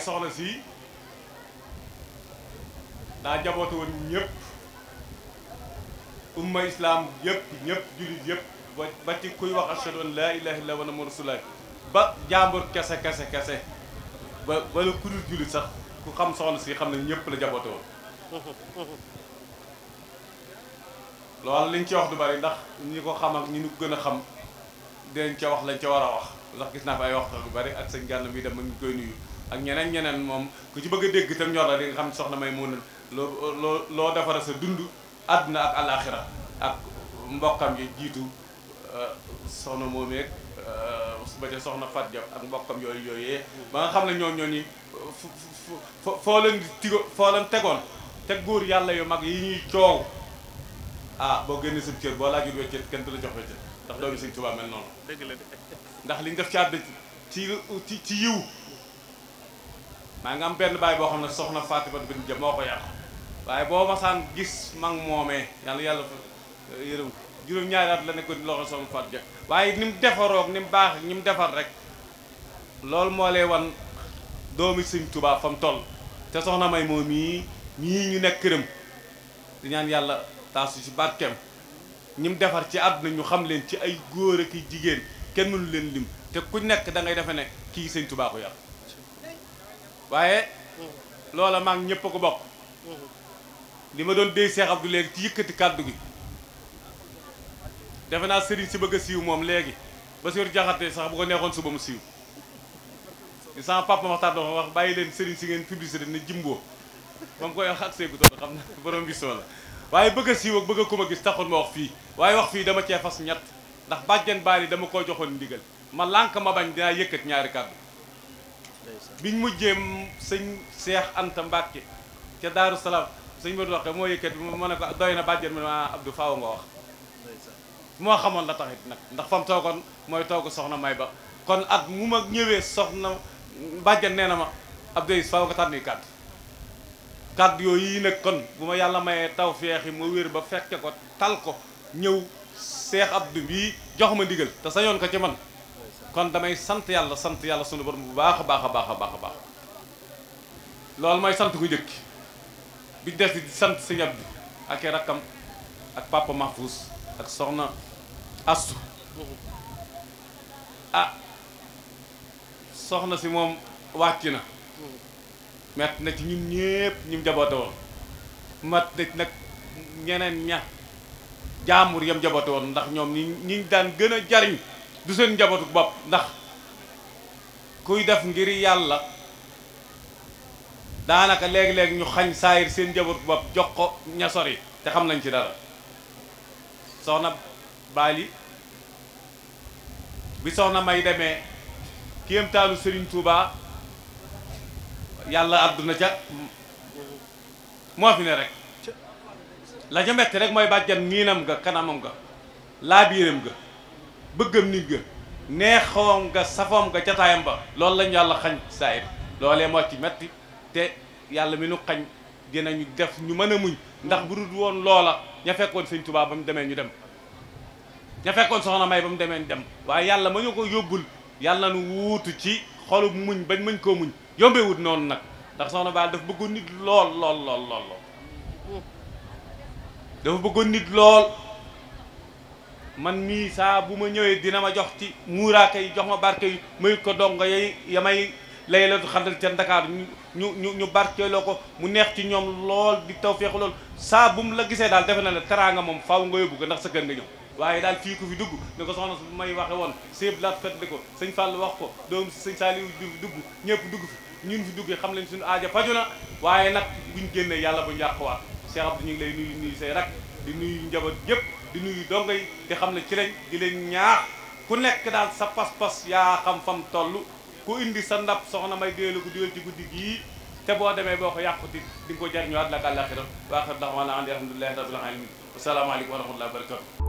soxna si daa jaboote woon ñëpp umma islaam yëpp ñëpp jullit yëpp ba ci kuy wax ashhadu an laa ilaaha illallaah wa anna muhammadan ba jàmbur kese kese kese ba ba la ku jullit sax ku xam soxna sii xam ne ñëpp la jaboote woon loolu liñ ci wax lu bari ndax ñi ko xam ak ñi ñu gën a xam dinañ ca wax lañ ca war a wax ndax gis naa fa ay wax lu bari ak sëñ Gànn bii dem ma koy nuyu ak ñeneen ñeneen moom ku ci bëgg a dégg itam ñor la di nga xam soxna may mun loo loo loo defara sa dund àdduna ak alaxira ak mbokkam yi jiitu euh, soxna moomeeg euh, ba ca soxna Fat Diop ak mbokkam yooyu yooyee ba nga xam ne ñoo ñooñu foo leen di tigo foo tegoon teg góor yàlla yu mag yi ñuy coow ah boo génnee sab cër boo laajul weccet kenn du la jox weccet ndax doomi Sëñ Tuubaa mel noonu ndax li ñu def ci àdduna ci ci yiw maa nga am benn baay boo xam ne soxna Fatima bin Dia moo ko yàq waaye boo masaan gis mag moomee yàlla yàlla yërëm juróom-ñaari at la nekkoon loxo soxna Fatou ja waaye ni mu defaroog ni mu baax ni mu defar rek loolu moo lay wan doomi Sëñ tubaab fa mu toll te soxna may moom mii mii ñu nekk këram di ñaan yàlla taasu ci barkeem ñi mu defar ci àdduna ñu xam leen ci ay góor ak i jigéen kenn mënu leen lim te ku nekk da ngay defe ne kii Sëñ Tuubaa ko waaye loola maag ñëpp ko bokk li ma doon déy Seex Abdu léegi ci yëkkati kàddu gi defe naa sëriñ si bëgg a siiw moom léegi Basiiru Jaxate sax bu ko neexoon suba mu siiw li sama papa waxtaan dafa wax bàyyi leen sëriñ si ngeen publicité ne jimboo ba mu koy wax ak seegu toon xam na borom bis la waaye bëgg a siiw ak bëgg a ma gis taxul ma wax fii waaye wax fii dama cee fas ñett ndax bàjjen baal yi dama koo joxoon ndigal ma lànk ma bañ dinaa yëkkat ñaari kàddu biñ mujjee sëñ Cheikh Anta Mbacke ca Daaru Salaam sëñ Modou wax moo yëkkat bi ma ne ko doy na bàjjen mu ne ma ah, Abdou faaw nga wax moo xamoon la taxit nag ndax fam toogoon mooy toogu soxna may ba kon at mu ma ñëwee soxna bàjjen nee na ma Abdou Aziz faaw nga tànnuy kàddu kàddu yooyu yi nag kon bu ma yàlla mayee taw feexi ma wér ba fekke ko tal ko ñëw Cheikh Abdou bii jox ma ndigal te sañoon ko ci man kon damay sant yàlla sant yàlla sunu borom bu baax a baax a baax a baax a baax loolu mooy sant gu jëkk bi des di sant sëñ bi ak i rakkam ak papa Mahfouz ak soxna Astu ah soxna si moom wàcc na mett na ci ñun ñépp ñu jaboote woon mat na ci nag ñeneen ña jaamur yam jaboote woon ndax ñoom ñi ñi daan gën a jariñ du seen njabootu bopp ndax kuy def ngir yàlla daanaka léegi léegi ñu xañ saayir seen njabootu bopp jox ko ña sori te xam nañ ci dara soxna Baali bi soxna may demee kéemtaanu Sëriñ Tuuba yàlla àdduna ca moo fi ne rek la ca metti rek mooy bàjjan miinam nga kanamam nga laabiiram ga bëggam nit ga neexoom nga safoom nga jataayam ba loolu lañu yàlla xañ saayir loolee moo ci metti te yàlla mi nu xañ dinañu def ñu mën a muñ ndax bu woon loola ña fekkoon sëñ Tuubaa ba mu demee ñu dem ña fekkoon soxna may ba mu demee ñu dem waaye yàlla ma ñu ko yóbbul yàlla nu wut ci xolub muñ bañ mañ koo muñ yombee wut noonu nag ndax soxna baal dafa bëggoon nit lool lool lool lool lool mm. dafa bëggoon nit lool man mii saa bu ma ñëwee dina ma jox ci muuraake yi jox ma barke yi muy ko dong yay ya may laylatu xadar ca Ndakaaru ñu ñu ñu barkeeloo ko mu neex ci ñoom lool di taw feexu lool saa bu mu la gisee daal defe na ne teraanga moom faw nga yóbbu ko ndax sa kër nga ñëw waaye daal fii ku fi dugg ni ko soxna su may waxe woon seeb laat fetli ko sëñ Fall wax ko doom sëñ Saliou dugg ñëpp dugg fi ñun fi duggee xam lañ suñu aaja faju na waaye nag buñ génnee yàlla buñ yàquwaat Cheikh Abdou ñu ngi lay nuyu di nuyu njaboot yëpp di nuyu dongo yi te xam ne ci lañ di leen ñaax ku nekk daal sa pas-pas yaa xam fam toll ku indi sa ndab soxna may déelu ko diwel ci guddi gii te boo demee boo ko yàquti di nga ko jariñu at la ak àllaaxira waaxir daxwaana an alhamdulillahi rabbil alamin asalaamaaleykum wa rahmatullahi wa barakatu